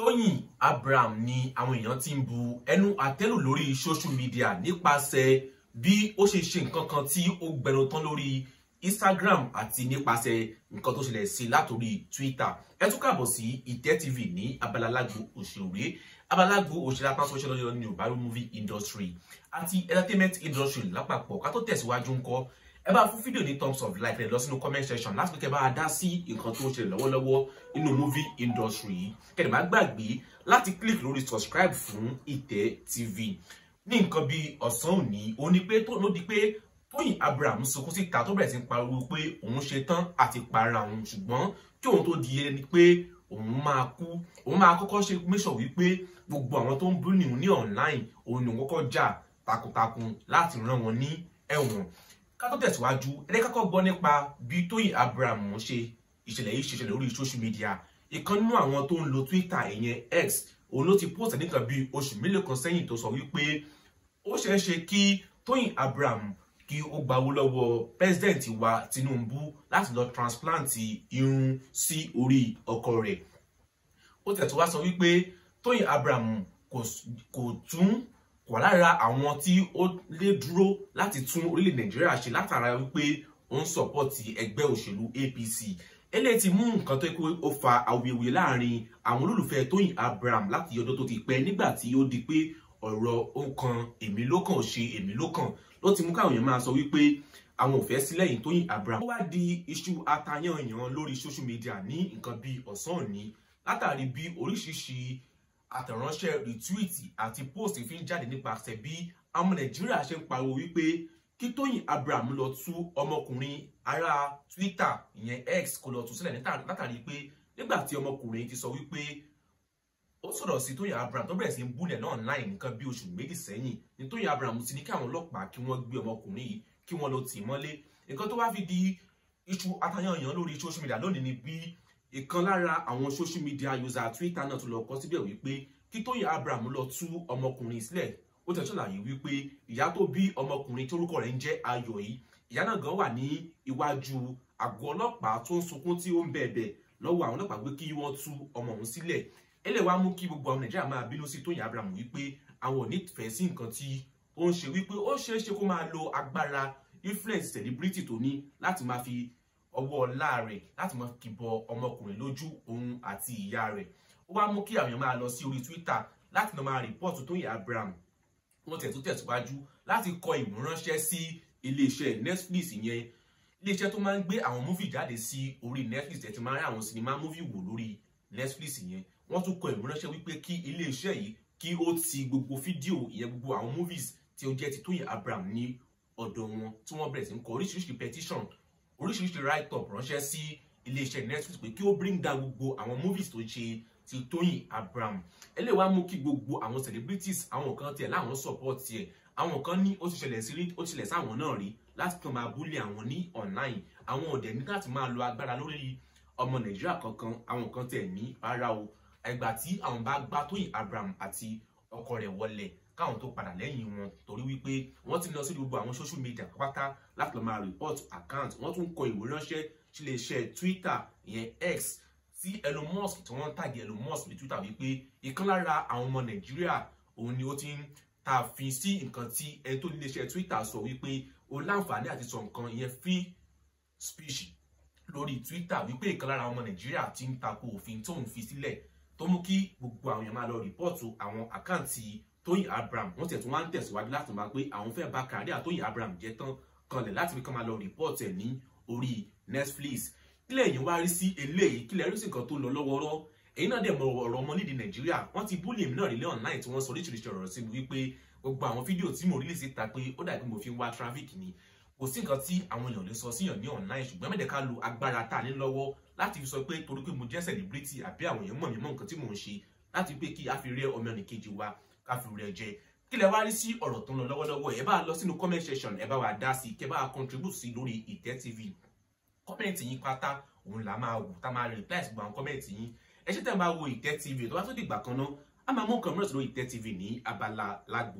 Tóyìn Abraham ni àwọn èèyàn ti ń bu ẹnu àtẹ́lù lórí social media nípasẹ̀ bí ó ṣe ṣe nǹkan kan tí ó gbẹnu tán lórí Instagram àti nípasẹ̀ nǹkan tó ṣẹlẹ̀ sí látòrí Twitter ẹ tún kàbọ̀ sí ìtẹ́ TV ní abalalágbo òṣèré abalalágbo òṣèré apá sọ́ṣẹ́ lọ́yọ́ ní yorùbá movie industry àti entertainment industry lápapọ̀ ká tó tẹ̀síwájú ńkọ́ ẹ bá fún fídíò ní thumbs up like rẹ lọ sínú comment section last week ẹ bá dá sí nǹkan tó ń ṣe lọ́wọ́lọ́wọ́ nínú movie industry yìí kẹ́ni má gbàgbé láti click lórí subscribe fún ìtẹ́ tv ní nǹkan bíi ọ̀sán òní ó ní pé tó ló di pé Tóyìn Abraham sunkún síta tó bẹ̀rẹ̀ sí ń pariwo pé òun ṣe tán àti para òun ṣùgbọ́n kí òun tó di ẹni pé òun máa kú òun máa kọ́kọ́ ṣe mẹ́sọ̀ wípé gbogbo àwọn tó ń bú nìhun ní online òun ni òun kọ́kọ́ jà takuntakun láti rán wọn ní ẹ̀wọ̀n ká tó tẹ̀síwájú ẹ̀rẹ́ kákọ́ gbọ́ nípa bí Tóyìn Abraham ṣe ìṣẹ̀lẹ̀ yìí ṣẹṣẹ̀lẹ̀ orí social media ìkan nínú àwọn tó ń lo Twitter ìyẹn X òun ló ti post nìkan bíi oṣù mélòó kan sẹ́yìn tó sọ wípé ó ṣeé ṣe kí Tóyìn Abraham kí ó gbawó lọ́wọ́ president wa Tinubu láti lọ transplant irun sí orí ọkọ rẹ̀ ó tẹ̀ tó sọ wípé Tóyìn Abraham kò tún kò wà lára àwọn tí ó lè dúró láti tún orílẹ̀ nàìjíríà ṣe látara wípé ó ń sọ̀pọ̀tì ẹgbẹ́ òṣèlú APC eléyìí ti mú nǹkan tó kó ó fa awuyewuye láàrin àwọn olólùfẹ́ Tóyìn Abraham láti ọjọ́ tó ti pẹ́ nígbà tí ó di pé ọ̀rọ̀ ó kan èmi ló kàn ṣe èmi ló kàn ló ti mú káwọn èèyàn máa sọ wípé àwọn ò fẹ́ sí lẹ́yìn Tóyìn Abraham. ó wá di iṣu atayanyan lórí social media ní nǹkan bíi ọ̀sán òní látàrí bí oríṣiríṣi àtẹ̀ránṣẹ́ rìtúìtì àti póòsì fi ń jáde nípasẹ̀ bí àwọn nàìjíríà ṣe ń pariwo wípé kí tóyìn abraham lọ tú ọmọkùnrin ará twitter ìyẹn x kó lọ tú sílẹ̀ látàrí pé nígbà tí ọmọkùnrin ti sọ wípé ó sọ̀rọ̀ sí tóyìn abraham tó bẹ̀rẹ̀ sí ń búlẹ̀ náà láì nǹkan bí oṣù méjì sẹ́yìn ni tóyìn abraham ti ní kí àwọn ọlọ́pàá kí wọ́n gbé ọmọkùnrin yìí kí wọ́n lọ tì í mọ́lé nǹkan tó wá fi di iṣu atayanyan lórí social media lónìí ni bí ìkan lára àwọn social media user Twitter náà tún lọ kọ síbẹ̀ wípé kí Tóyìn Abraham lọ tú ọmọkùnrin sílẹ̀ ó tẹ̀ ṣàlàyé wípé ìyá tó bí ọmọkùnrin tórúkọ rẹ̀ ń jẹ́ Ayọ̀ yìí ìyá náà gan wà ní iwájú àgọ́ ọlọ́pàá tó ń sunkún tí ó ń bẹ̀bẹ̀ lọ́wọ́ àwọn ọlọ́pàá pé kí wọ́n tú ọmọ òun sílẹ̀ ẹlẹ́ mú kí gbogbo àwọn Nàìjíríà máa bínú sí Tóyìn Abraham wípé àwọn ò nífẹ̀ẹ́ sí nǹkan tí ó ń ṣe wípé ó ṣeé ṣe kó máa lo agbára influence celebrity tó ní láti máa fi ọwọ́ ọlá rẹ̀ láti máa fi bọ ọmọkùnrin lójú òun àti ìyá rẹ̀ ó wá mú kí àwọn èèyàn máa lọ sí orí Twitter láti lọ máa rìpọ́ọ̀tù Tóyìn Abraham wọ́n tẹ̀ tó tẹ̀síwájú láti kọ ìmúránṣẹ́ sí iléeṣẹ́ Netflix yẹn iléeṣẹ́ tó máa ń gbé àwọn múfì jáde sí orí Netflix ẹ̀ ti máa rí àwọn sinimá múfì wò lórí Netflix yẹn wọ́n tún kọ ìmúránṣẹ́ wípé kí iléeṣẹ́ yìí kí ó ti gbogbo fídíò ìyẹn gbogbo àwọn movies tí ó jẹ́ ti Tóyìn Abraham ní ọ̀dọ̀ wọn tí wọ́n bẹ̀rẹ̀ sí ń kọ oríṣiríṣi petition oríṣiríṣi write up ránṣẹ́ sí iléeṣẹ́ netflix pé kí ó bring down gbogbo àwọn movies tó ṣe ti tóyìn abraham eléyìí wá mú kí gbogbo àwọn celebrities àwọn kan tiẹ̀ láwọn support tiẹ̀ àwọn kan ní ó ti ṣẹlẹ̀ sí rí ó ti ṣẹlẹ̀ sáwọn náà rí láti kàn máa búlé àwọn ní online àwọn ọ̀dẹ̀ ní láti máa lo agbára lórí ọmọ nàìjíríà kankan àwọn kan tẹ̀ ní rárá o ẹgbà tí àwọn bá gbá tóyìn abraham àti ọkọ rẹ̀ wọlé káwọn tó padà lẹ́yìn wọn torí wípé wọ́n ti lọ sí gbogbo àwọn social media pátá láti lọ máa report account wọ́n tún kọ ìwé ránṣẹ́ sí Twitter ìyẹn X tí Elon Musk tí wọ́n ń tàgé Elon Musk ní Twitter wípé ìkan lára àwọn ọmọ Nàìjíríà òun ni ó ti ń tààfin sí nǹkan tí ẹni tó ní Twitter sọ wípé o láǹfààní àti sọ nǹkan ìyẹn free speech lórí Twitter wípé ìkan lára àwọn ọmọ Nàìjíríà ti ń tako òfin tóun fi sílẹ̀ tó mú kí gbogbo àwọn èèyàn máa lọ rìpọ́ọ̀tù àwọn àkáǹtì tóyìn abraham wọ́n tẹ̀ tún wá ń tẹ̀síwájú láti máa pé àwọn fẹ́ bà kàrí àtóyìn abraham jẹ́ tán kanlẹ̀ láti fi kàn máa lọ rìpọ́ọ̀tì ẹ̀ ní orí netflix kílẹ̀ yín wá rí sí eléyìí kílẹ̀ rí sí nǹkan tó lọ lọ́wọ́rọ́ èyí náà dẹ̀ mọ ọ̀rọ̀ ọmọ nídìí nàìjíríà wọ́n ti búlì èmi náà rí lẹ́hàn náà tí wọ́n sọ oríṣiríṣi ọ̀rọ̀ sí mi wípé gbogbo àwọn fídíò tí mo rí lè síta pé ó dàbí mo fi ń wá traffic ni kò sí nǹkan tí àwọn èèyàn lè sọ síyàn ní online ṣùgbọ́n mẹ́tẹ̀ẹ́ ká lo agbára tá a ní lọ́wọ́ láti fi sọ pé torí pé mo jẹ́ celebrity àbí àwọn èèyàn mọ̀ mí mọ́ nǹkan tí mò ń ṣe láti pé kí a fi rẹ́ ọmọ ẹnìkejì wa ká fi rẹ̀ jẹ kí lẹ wá rí sí ọ̀rọ̀ tó ń lọ lọ́wọ́lọ́wọ́ ẹ bá lọ sínú comment section ẹ bá wa dá sí kẹ bá wa contribute sí lórí ìtẹ́ tv comment yín pátá òun là máa wò tá máa reply sí gbogbo àwọn comment yín ẹ ṣe tẹ́ ẹ máa wo ìtẹ́ tv tó bá tó dìgbà kan náà a máa mú nǹkan lórí ìtẹ́ tv ní abala lágbo